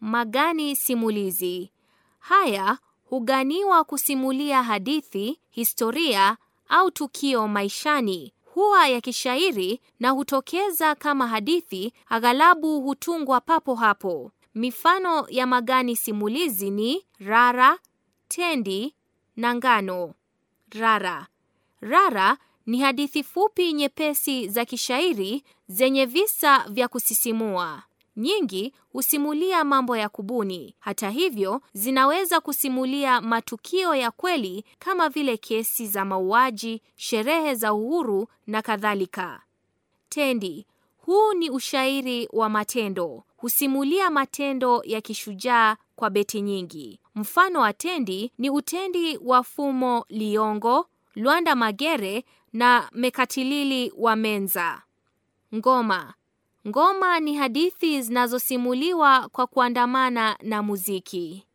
Magani simulizi. Haya huganiwa kusimulia hadithi, historia au tukio maishani. Huwa ya kishairi na hutokeza kama hadithi, aghalabu hutungwa papo hapo. Mifano ya magani simulizi ni rara, tendi na ngano. Rara. Rara ni hadithi fupi nyepesi za kishairi zenye visa vya kusisimua nyingi husimulia mambo ya kubuni. Hata hivyo, zinaweza kusimulia matukio ya kweli kama vile kesi za mauaji, sherehe za uhuru na kadhalika. Tendi huu ni ushairi wa matendo, husimulia matendo ya kishujaa kwa beti nyingi. Mfano wa tendi ni utendi wa Fumo liongo Lwanda Magere na Mekatilili wa Menza. Ngoma Ngoma ni hadithi zinazosimuliwa kwa kuandamana na muziki.